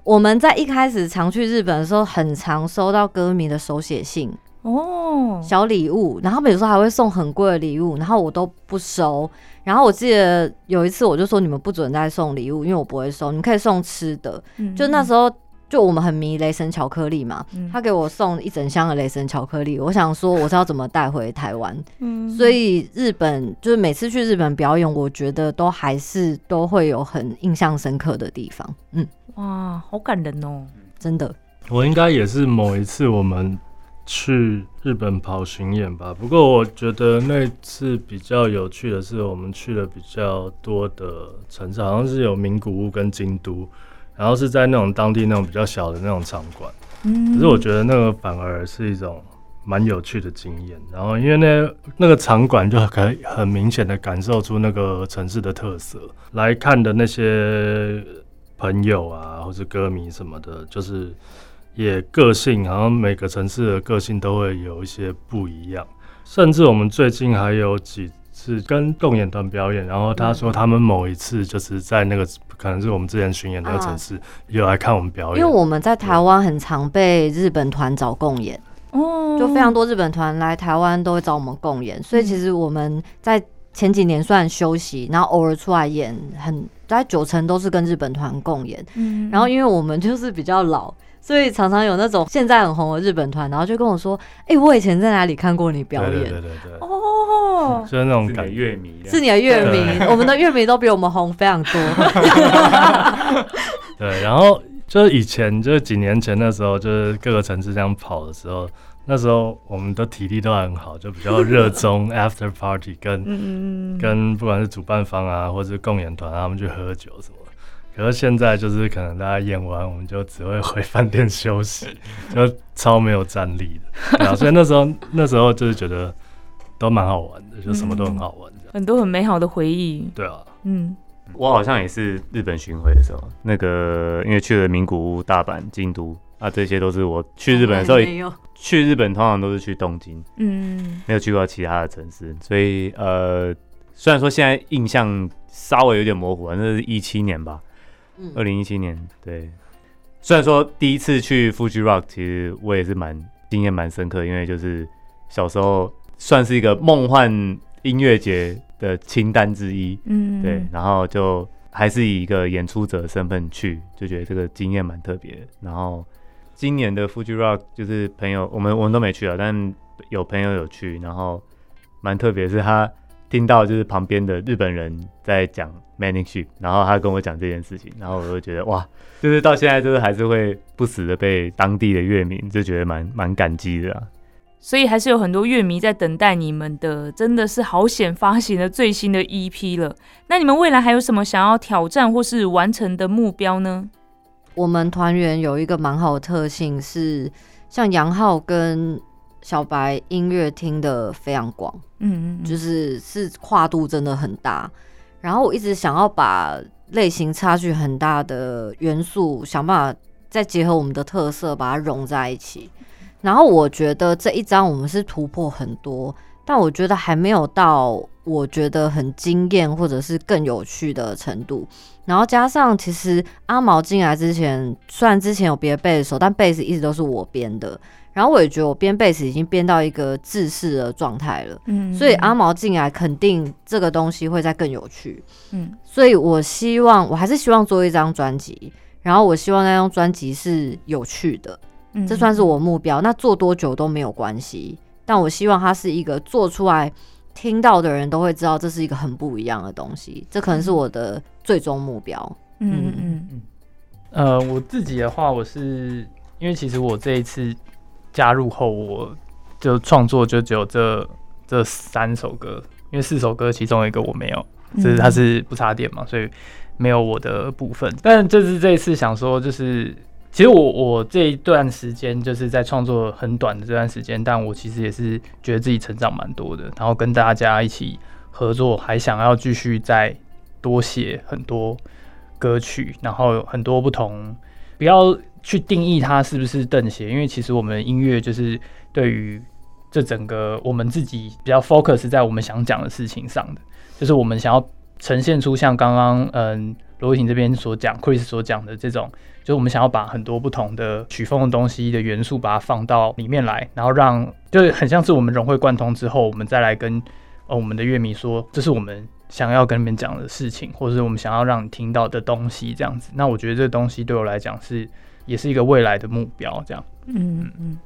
[SPEAKER 3] 我們在一開始常去日本的時候，很常收到歌迷的手寫信哦，小禮物，然後比如說還會送很貴的禮物，然後我都不收。然後我記得有一次我就說，你們不准再送禮物，因為我不會收，你們可以送吃的。嗯、就那時候。就我們很迷雷神巧克力嘛，嗯，他給我送一整箱的雷神巧克力，我想說我是要怎麼帶回台灣，嗯。所以日本就是每次去日本表演，我覺得都還是都會有很印象深刻的地方。
[SPEAKER 1] 嗯，哇，好感人哦，真的。
[SPEAKER 4] 我應該也是某一次我們去日本跑巡演吧。不過我覺得那次比較有趣的是，我們去了比較多的城市，好像是有名古屋跟京都。然後是在那種當地那種比較小的那種場館，
[SPEAKER 1] 嗯，可是我覺
[SPEAKER 4] 得那個反而是一種蠻有趣的經驗。然後因為那那個場館就可以很明顯的感受出那個城市的特色。來看的那些朋友啊，或者是歌迷什麼的，就是也個性，好像每個城市的個性都會有一些不一樣。甚至我們最近還有幾。是跟共演團表演，然後他說他們某一次就是在那個、嗯、可能是我們之前巡演那個城市，啊，有來看我們表演。因為我
[SPEAKER 3] 們在台灣很常被日本團找共演，哦，就非常多日本團來台灣都會找我們共演，嗯，所以其實我們在前幾年算休息，然後偶爾出來演，很大概九成都是跟日本團共演。嗯，然後因為我們就是比較老，所以常常有那種現在很紅的日本團，然後就跟我說：“哎、欸，我以前在哪裡看過你表演？”對對對，對，oh,
[SPEAKER 4] 嗯，就是那種改樂迷的，是你的樂迷， (laughs) 我們的
[SPEAKER 3] 樂迷都比我們紅非常多。 (laughs)
[SPEAKER 4] (laughs) 對，然後就是以前就是幾年前的時候，就是各個城市這樣跑的時候，那時候我們的體力都還很好，就比較熱衷 (laughs) after party，跟 (laughs) 跟不管是主辦方啊，或者是共演團啊，他們去喝酒什麼。可是現在就是可能大家演完，我們就只會回飯店休息， (laughs) (laughs) 就超沒有戰力的。然後所以那時候
[SPEAKER 2] 那時候就是覺得。都蠻好玩的，就什麼都很好玩，
[SPEAKER 1] 很多很美好的回憶。對啊，嗯，
[SPEAKER 2] 我好像也是日本巡迴的時候，那個因為去了名古屋、大阪、京都，啊，這些都是我去日本的時候，去日本通常都是去東京，嗯，沒有去過其他的城市，所以呃，雖然說現在印象稍微有點模糊，反正是一七年吧，嗯，二零一七年，對。雖然說第一次去 Fuji Rock，其實我也是蠻經驗蠻深刻，因為就是小時候。算是一個夢幻音樂節的清單之一，嗯，對，然後就還是以一個演出者身份去，就覺得這個經驗蠻特別的。然後今年的 Fuji Rock，就是朋友我們我們都沒去啊，但有朋友有去，然後蠻特別的，是他聽到就是旁邊的日本人在講 Manic Sheep，然後他跟我講這件事情，然後我就覺得哇，就是到現在就是還是會不死的被當地的樂迷就覺得蠻蠻感激的啊。
[SPEAKER 1] 所以還是有很多樂迷在等待你們的，真的是好險發行了最新的 EP 了。那你們未來還有什麼想要挑戰或是完成的目標呢？我們
[SPEAKER 3] 團員有一個蠻好的特性是，像楊浩跟小白音樂聽得非常廣，
[SPEAKER 5] 嗯，嗯嗯，
[SPEAKER 3] 就是是跨度真的很大。然後我一直想要把類型差距很大的元素，想辦法再結合我們的特色，把它融在一起。然後我覺得這一張我們是突破很多，但我覺得還沒有到我覺得很驚豔或者是更有趣的程度。然後加上其實阿毛進來之前，雖然之前有別貝的時候，但貝斯一直都是我編的。然後我也覺得我編貝斯已經編到一個制式的狀態了。嗯,嗯,嗯。所以阿毛進來，肯定這個東西會再更有趣。嗯。所以我希望，我還是希望做一張專輯。然後我希望那張專輯是有趣的。這算是我目標，那做多久都沒有關係，但我希望它是一個做出來，聽到的人都會知道這是一個很不一樣的東西，這可能是我的最終目標。嗯
[SPEAKER 7] 嗯嗯。呃，我自己的話，我是因為其實我這一次加入後，我就創作就只有這這三首歌，因為四首歌其中一個我沒有，就、嗯、是它是不插電嘛，所以沒有我的部分。但就是這一次想說，就是。其實我我這一段時間就是在創作很短的這段時間，但我其實也是覺得自己成長蠻多的。然後跟大家一起合作，還想要繼續再多寫很多歌曲，然後有很多不同，不要去定義它是不是瞪鞋，因為其實我們的音樂就是對於這整個我們自己比較 focus 在我們想講的事情上的，就是我們想要呈現出像剛剛嗯羅婷這邊所講，Chris 所講的這種。就是我們想要把很多不同的曲風的東西的元素，把它放到裡面來，然後讓就是很像是我們融會貫通之後，我們再來跟、呃、我們的樂迷說，這是我們想要跟你們講的事情，或者我們想要讓你聽到的東西這樣子。那我覺得這東西對我來講是也是一個未來的目標，這樣。
[SPEAKER 5] 嗯
[SPEAKER 2] 嗯。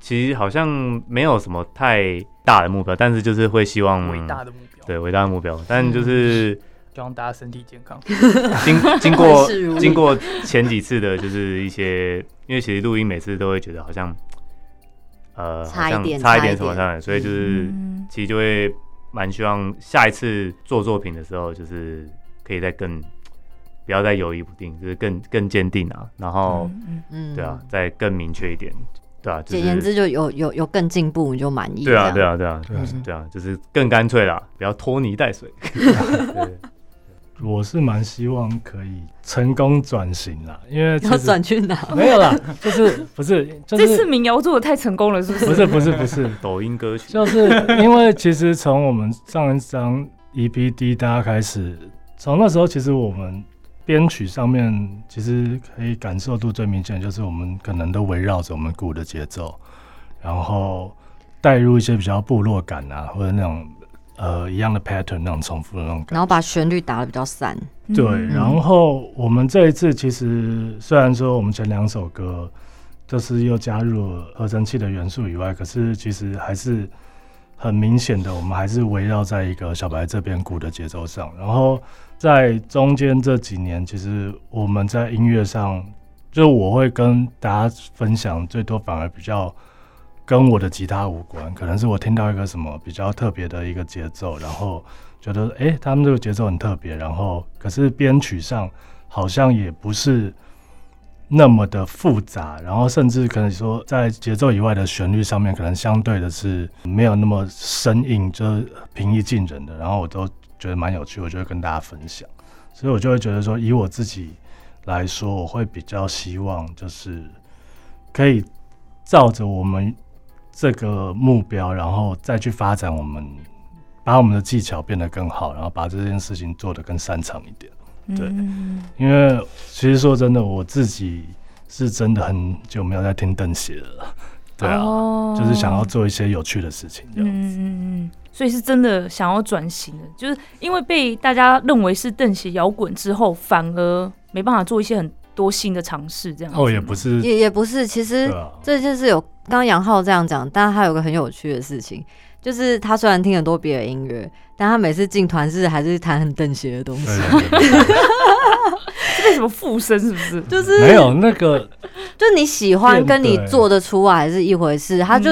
[SPEAKER 2] 其實好像沒有什麼太大的目標，但是就是會希望，偉大的目標，對，偉大的目標，但就是。嗯
[SPEAKER 7] 希望大家身體健康 (laughs) 經。經經過經過
[SPEAKER 2] 前幾次的，就是一些， (laughs) 因為其實錄音每次都會覺得好像，呃，差一點，差一點什麼，所以就是、嗯、其實就會蠻希望下一次做作品的時候，就是可以再更，不要再猶豫不定，就是更更堅定啊。然後、嗯嗯，對啊，再更明確一點，對啊。就是、簡言之，就
[SPEAKER 3] 有有有更進步，你就滿意，對啊對啊。對
[SPEAKER 2] 啊，對啊，對啊，對啊，就是更乾脆啦，不要拖泥帶水。
[SPEAKER 4] 我是蠻希望可以成功轉型啦，因為要轉去哪？沒有啦，就是 (laughs) 不是，就是、這次
[SPEAKER 1] 民謠做的太成功了，是不是？不是不是不是，
[SPEAKER 2] 抖音歌曲。
[SPEAKER 4] 就是 (laughs) 因為其實從我們上一張 EP 滴答開始，從那時候其實我們編曲上面其實可以感受度最明顯就是我們可能都圍繞着我們鼓的節奏，然後帶入一些比較部落感啊，或者那種。呃，一樣的 pattern 那種重複的那種感，
[SPEAKER 3] 然後把旋律打得比較散。對、
[SPEAKER 4] 嗯，然後我們這一次其實雖然說我們前兩首歌，就是又加入了合成器的元素以外，可是其實還是很明顯的，我們還是圍繞在一個小白這邊鼓的節奏上。然後在中間這幾年，其實我們在音樂上，就我會跟大家分享最多，反而比較。跟我的吉他無關，可能是我聽到一個什麼比較特別的一個節奏，然後覺得哎、欸，他們這個節奏很特別，然後可是編曲上好像也不是那麼的複雜，然後甚至可能說在節奏以外的旋律上面，可能相對的是沒有那麼生硬，就是、平易近人的，然後我都覺得蠻有趣，我就會跟大家分享，所以我就會覺得說，以我自己來說，我會比較希望就是可以照着我們這個目標，然後再去發展我們，把我們的技巧變得更好，然後把這件事情做得更擅長一點。
[SPEAKER 5] 對，嗯、
[SPEAKER 4] 因為其實說真的，我自己是真的很久沒有在聽瞪鞋了，對啊、哦，就是想要做一些有趣的事情，
[SPEAKER 1] 這樣子。嗯嗯嗯，所以是真的想要轉型的，就是因為被大家認為是瞪鞋搖滾之後，反而沒辦法做一些很。多新的嘗試，這樣子，哦，也不是，也也不是，其實，啊，這就是有剛楊浩這樣講，但他有個很
[SPEAKER 3] 有趣的事情，就是他雖然聽了很多別的音樂。但他每次進團是還是彈很瞪鞋的東西，被 (laughs) (laughs) 什麼附身是不是？ (laughs) 就是沒有那個， (laughs) 就你喜歡跟你做得出來還是一回事，嗯。他就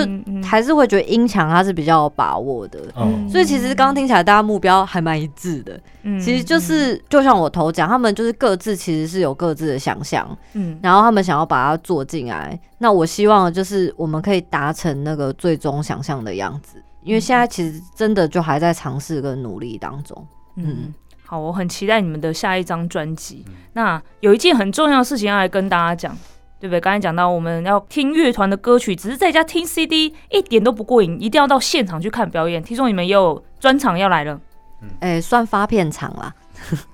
[SPEAKER 3] 還是會覺得音牆，他是比較有把握的，嗯，所以其實剛，剛聽起來大家目標還蠻一致的。
[SPEAKER 6] 嗯，其實
[SPEAKER 3] 就是就像我頭講，他們就是各自其實是有各自的想象，
[SPEAKER 6] 嗯，
[SPEAKER 3] 然後他們想要把它做進來。那我希望就是我們可以達成那個最終
[SPEAKER 1] 想象的樣子，因為現在其實真的就還在嘗試。四個努力當中，嗯，嗯，好，我很期待你們的下一張專輯。那有一件很重要的事情要來跟大家講，對不對？剛才講到我們要聽樂團的歌曲，只是在家聽 CD 一點都不過癮，一定要到現場去看表演。聽說你們也有專場要來了，哎、嗯
[SPEAKER 3] 欸，算發片場啦，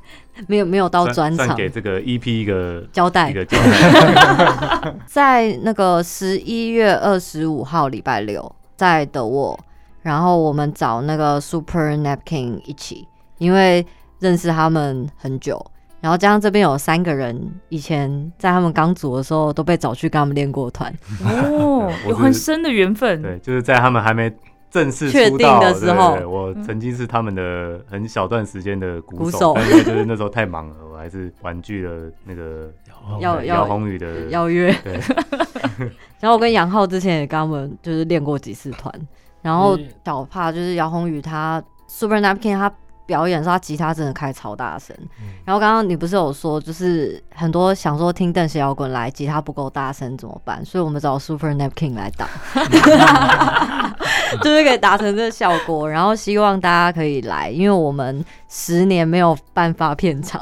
[SPEAKER 3] (laughs) 沒有沒有到專場，給這個 EP
[SPEAKER 2] 一個交代。一個交
[SPEAKER 3] 代， (laughs) (laughs) 在那個十一月二十五號禮拜六，在 The Wall。然後我們找那個 Super Napkin 一起，因為認識他們很久，然後加上這邊有三個人，以前在他們剛組的時候都被找去跟他們練過團，
[SPEAKER 1] 哦， (laughs) 有很深的緣分。對，就是在他
[SPEAKER 2] 們還沒正式確定的時候，對對，我曾經是他們的很小段時間的鼓手，嗯、但是就是那時候太忙了，我還是婉拒了那個 (laughs) 姚宏宇的邀約。對
[SPEAKER 3] (laughs) 然後我跟楊浩之前也跟他們就是練過幾次團。然後小怕就是姚宏宇，他 Super Napkin 他表演的時候，他吉他真的開超大聲。然後剛剛你不是有說，就是很多想說聽瞪鞋搖滾來，吉他不夠大聲怎麼辦？所以我們找 Super Napkin 來打 (laughs) (laughs) (laughs) 就是可以打成這個效果。然後希望大家可以來，因為我們十年沒有辦發片場，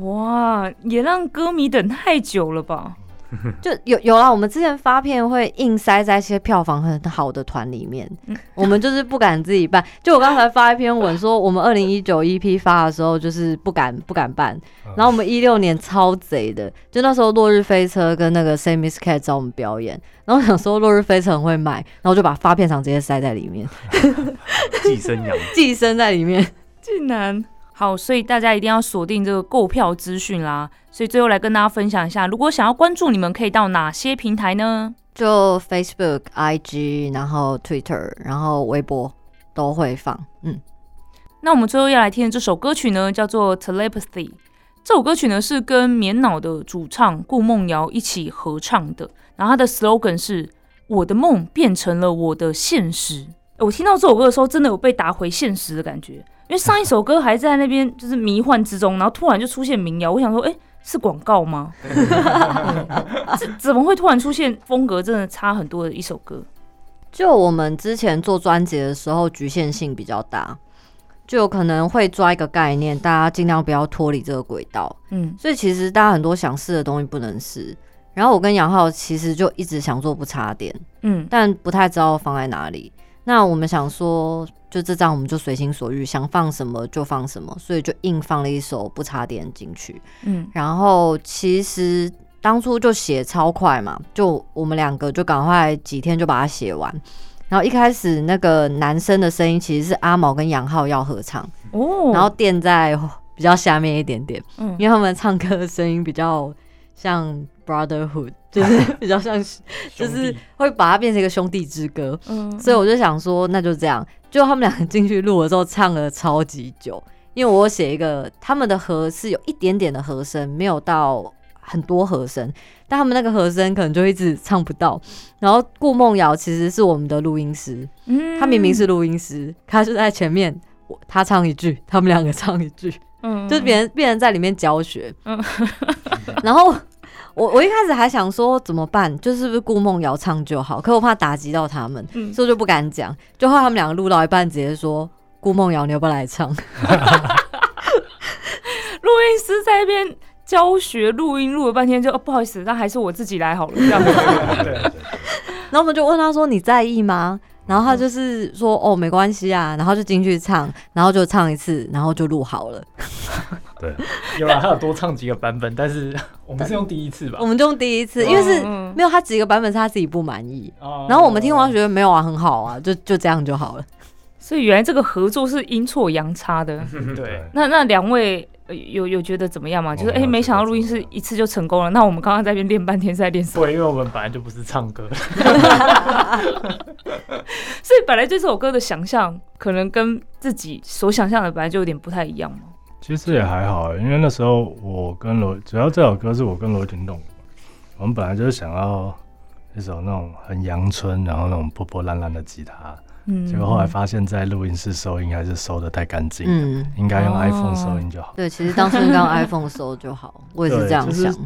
[SPEAKER 1] 哇，也讓歌迷等太久了吧。
[SPEAKER 3] (laughs) 就有有了、啊，我們之前發片會硬塞在一些票房很好的團裡面， (laughs) 我們就是不敢自己辦。就我剛才發一篇文說，我們二零一九 EP 發的時候就是不敢不敢辦， (laughs) 然後我們一六年超賊的，就那時候《落日飛車》跟那個 Siamese Cats 找我們表演，然後我想說《落日飛車》很會買，然後就把發片場直接塞在裡面， (laughs) (laughs) 寄生羊，
[SPEAKER 1] 寄生在裡面，竟然。好，所以大家一定要鎖定這個購票資訊啦。所以最後來跟大家分享一下，如果想要關注，你們可以到哪些平台呢？
[SPEAKER 3] 就 Facebook、IG，然後 Twitter，然後微博都會放。嗯，
[SPEAKER 1] 那我們最後要來聽的這首歌曲呢，叫做《Telepathy》。這首歌曲呢是跟眠腦的主唱顧孟堯一起合唱的。然後它的 slogan 是“我的夢變成了我的現實”。欸、我聽到這首歌的時候，真的有被打回現實的感覺，因為上一首歌還在那邊就是迷幻之中，然後突然就出現民謠，我想說，哎、欸，是廣告嗎？ (laughs) 怎麼會突然出現風格真的差很多的一首歌？就我們
[SPEAKER 3] 之前做專輯的時候局限性比較大，就有可能會抓一個概念，大家盡量不要脫離這個軌道。嗯，所以其實大家很多想試的東西不能試。然後我跟楊浩其實就一直想做不插電，嗯，但不太知道放在哪裡。那我們想說，就這張我們就隨心所欲，想放什麼就放什麼，所以就硬放了一首不插電進去。嗯，然後其實當初就寫超快嘛，就我們兩個就趕快幾天就把它寫完。然後一開始那個男生的聲音其實是阿毛跟楊浩要合唱哦，然後墊在、哦、比較下面一點點，嗯，因為他們唱歌的聲音比較像。Brotherhood 就是比較像， (laughs) 就是會把它變成一個兄弟之歌，嗯、所以我就想說，那就這樣。就他們兩個進去錄的時候，唱了超級久，因為我寫一個他們的和是有一點點的和聲，沒有到很多和聲，但他們那個和聲可能就一直唱不到。然後顧孟堯其實是我們的錄音師、嗯，他明明是錄音師，他就在前面，他唱一句，他們兩個唱一句，嗯、就別人別人在裡面教學，嗯、然後。我我一開始還想說怎麼辦，就是不是顧孟堯唱就好，可我怕打擊到他們，嗯、所以就不敢講。就後來他們兩個錄到一半，直接說：“顧孟堯，你又不來唱。
[SPEAKER 1] (laughs) ”錄 (laughs) 音師在那邊教學錄音，錄了半天就：“不好意思，那還是我自己來好了。” (laughs) (laughs) (laughs) 然後我們就問他說：“你在意嗎？”然
[SPEAKER 3] 後他就是說，哦沒關係啊，然後就進去唱，然後就唱一次，然後就錄好
[SPEAKER 7] 了。 (laughs) 對，有啊，他有多唱幾個版本， (laughs) 但是我們是用第一次吧？我們就
[SPEAKER 3] 用第一次，因為是嗯嗯嗯沒有，他幾個版本是他自己不滿意嗯嗯，然後我們聽完覺得沒有啊，很好啊，就就這樣就好了。
[SPEAKER 1] 所以原來這個合作是陰錯陽差的。 (laughs) 對，那那兩位。有有覺得怎麼樣嗎？就是哎、欸，沒想到錄音室一次就成功了。那我們剛剛在這邊練半天是在練什麼？對，因為我們本來就不是唱歌， (laughs) (laughs) 所以本來這首歌的想象可能跟自己所想象的本來就有點不太一樣嘛。
[SPEAKER 4] 其實也還好，因為那時候我跟羅，主要這首歌是我跟羅廷棟，我們本來就是想要一首那種很陽春，然後那種破破爛爛的吉他。結果後來發現，在錄音室收音還是收得太乾淨、嗯，應該用 iPhone 收音就好。哦、
[SPEAKER 3] 對，其實當時應該用 iPhone 收就好， (laughs) 我也是這樣想。
[SPEAKER 4] 就是、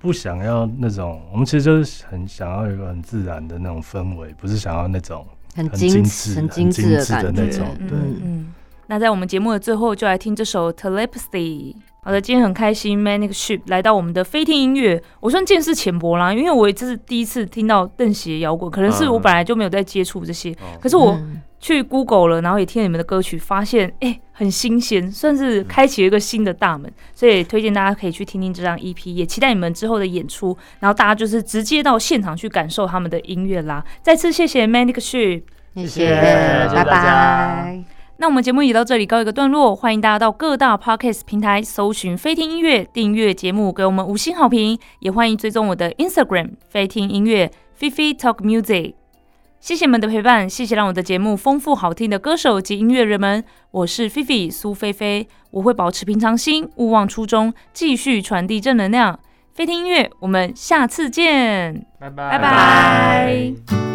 [SPEAKER 4] 不想要那種，我們其實就是很想要一個很自然的那種氛圍，不是想要那種很精緻、很精
[SPEAKER 3] 緻的那種的感覺。對。
[SPEAKER 1] 那在我們節目的最後，就來聽這首 Telepathy。好的，今天很開心，Manic Sheep 來到我們的菲聽音樂。我算見識淺薄啦，因為我也這是第一次聽到瞪鞋的搖滾，可能是我本來就沒有在接觸這些、嗯。可是我去 Google 了，然後也聽了你們的歌曲，發現哎、欸，很新鮮，算是開啟了一個新的大門。嗯、所以推薦大家可以去聽聽這張 EP，也期待你們之後的演出，然後大家就是直接到現場去感受他們的音樂啦。再次謝謝 Manic Sheep，謝謝，謝，謝，拜拜。那我們節目也到這裡告一個段落，歡迎大家到各大 Podcast 平台搜尋菲聽音樂，訂閱節目，給我們五星好評。也歡迎追蹤我的 Instagram 菲聽音樂 Fifi Talk Music。謝謝你們的陪伴，謝謝讓我的節目豐富好聽的歌手及音樂人們。我是 Fifi 蘇菲菲，我會保持平常心，勿忘初衷，繼續傳遞正能量。菲聽音樂，我們下次見，拜拜拜拜。